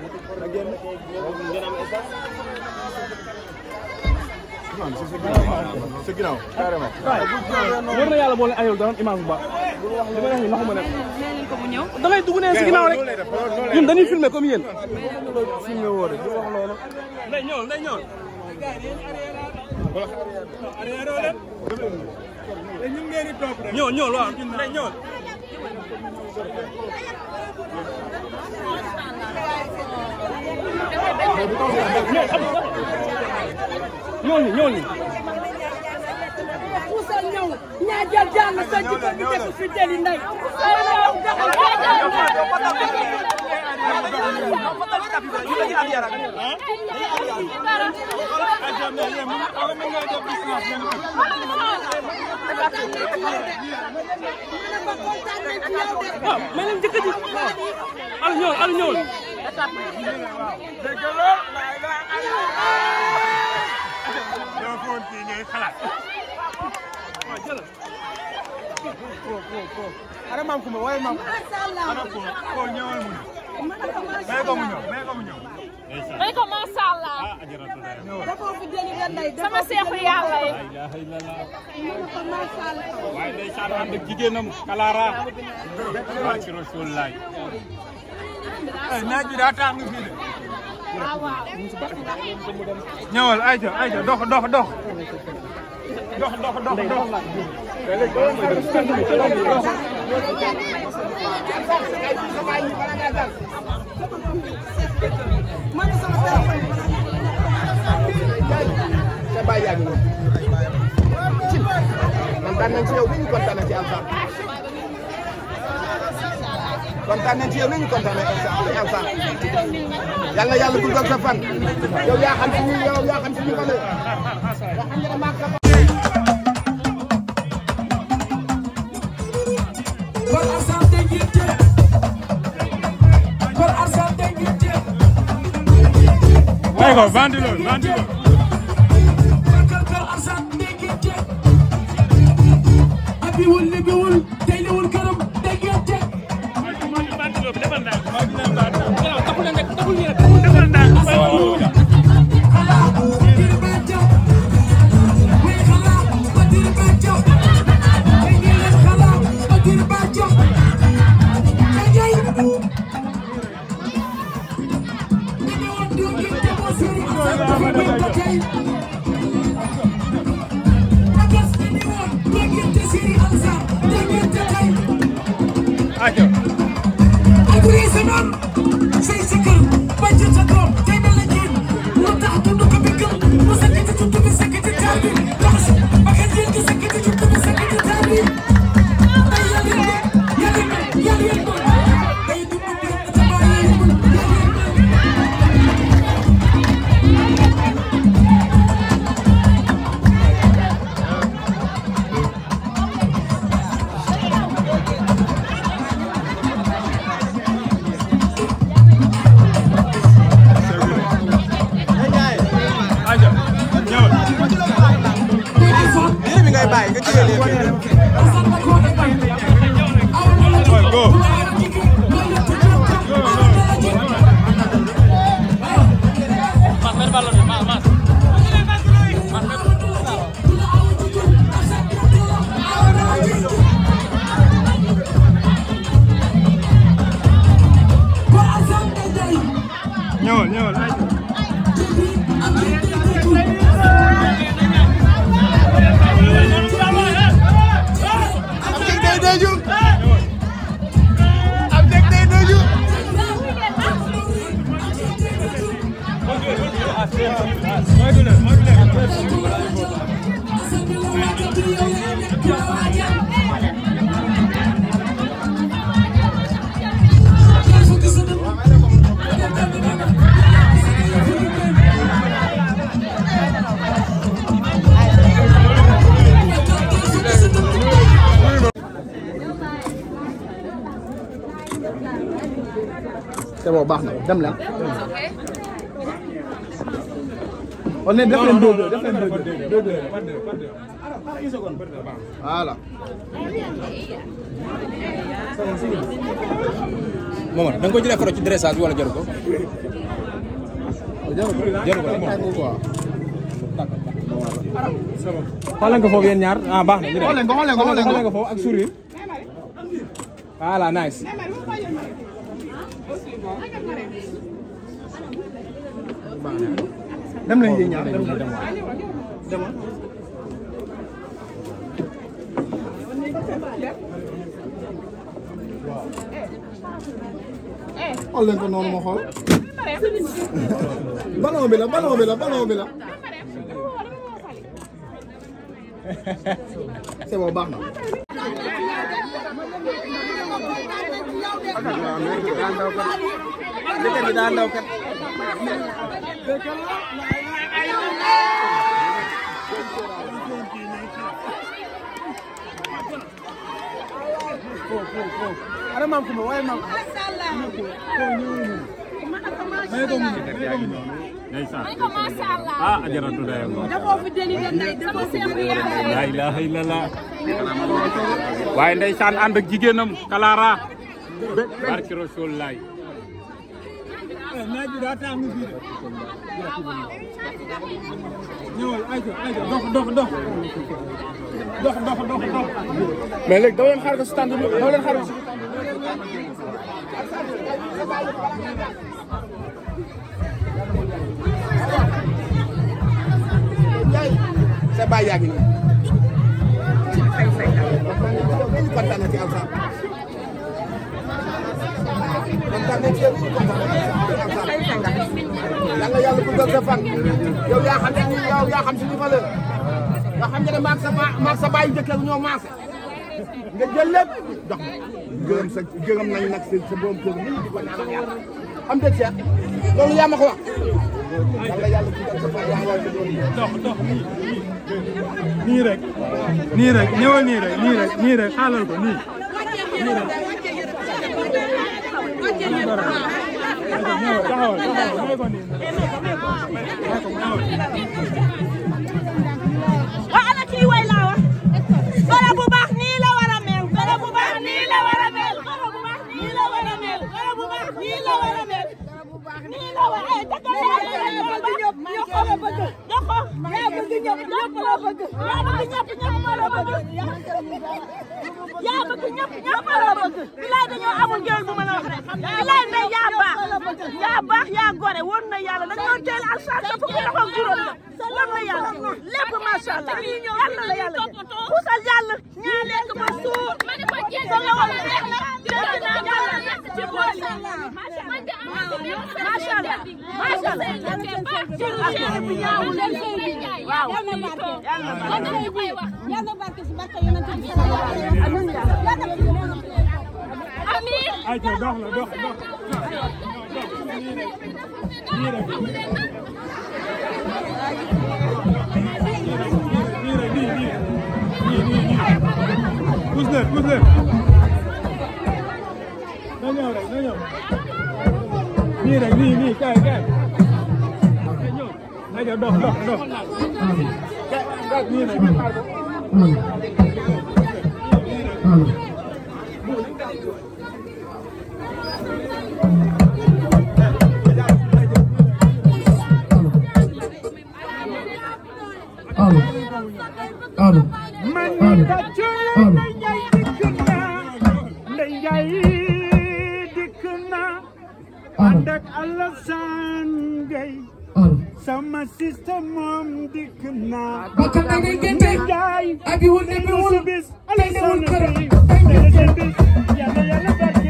sa ginnaaw carrément. war na yàlla boole ayol daan imam bu baax. li may wax nii naxuma ne. da ngay dugg ne si ginnaaw rek. ñun dañuy filmer comme yéen. filmer woo rek du wax loolu. nday ñëwal nday ñëwal. ñëwal ñëwal waaw nday ñëwal. ñëw ni ñëw ni puusal ñëw ñaa jël jàng sa jikko bi def fi jëli ndey Thank you. waaw may leen jëkkër ji alu dañ ko macha allah sama seexu yàlla yi. waaye day saan ànd ak jigéenam Kalaara. barki Rasulullaay. naaj bi daa tàng fii de. dox dox. dox dox dox dox. dox. kontaan nañ ci yow ni ñu kontaanee ci Alpha kontaan nañ ci yow ni ñu kontaanee ci Alpha yal na yàlla guddal sa fan yow yaa xam si ñuy yow yaa xam si ñu ko may ko bandi loolu bandi loolu abi Ayo. Aku di senam, saya seker, baju cakram, ñëwal ñëwal boo baax na dem leen. on est def leen deux deux def leen deux deux deux deux. voilà. moom da nga ko jëlee photo ci dressage bi wala jaru ko. jaru ko xoolal nga foofu yéen ñaar ah baax na. xoolal nga xoolal nga foofu ak sourire. voilà nice. dem nañ yéen ñaar dem nañ demoon. xool leen ko noonu ma xool. ballon bi la ballon bi la c'est bon baax na. Ada mampu, ada mampu. Masalah. ah ajaratu day am laa ilaaha illallah waaye ndeysaan ànd ak jigéenam Kalaara barki Rasul laay dox dox dox dox dox dox mais léegi daw leen xaar ko si tànd daw Alpha yaa ngi nii. kontaan na ci Alpha. kontaan na ci yow kontaan na fan. yow yaa xam ne yow yaa xam suñu valeur. nga xam ne maag sa maag sa ñoo maase. nga jël lépp jox ma. gërëm sa gërëm nañ nag sa sa borom kër gi di ko naan ak yàlla. am na ceeb loolu yaa ma ko wax. yàlla yàlla guddal sa fan yaa ngi wax nii rek nii rek ñëwal nii rek nii rek nii rek xaalal ko nii nii rek taxawal taxawal ñëpp la bëgg yaa bëgg ñëpp ñëpp la bëgg yaa bëgg ñëpp ñëpp la bëgg bilaay dañoo amul géwél bu ma la wax rek bilaay yaa baax yaa baax yaa gore woon na yàlla teel alsaan sa fukki la woon na yàlla lépp macha allah yàlla la yàlla xuusal yàlla ñaa lekk ma suur Who's there? Who's there? na ñëw rek na ñëw nii rek nii nii kay kay na ñëw dox dox dox nii rek Allo allo allo allo ànd ak Alassane Gueye sama système moom dikk naa bakkan da ngay génte abi wul ne bi wul tey ne wul kër wul kër yàlla yàlla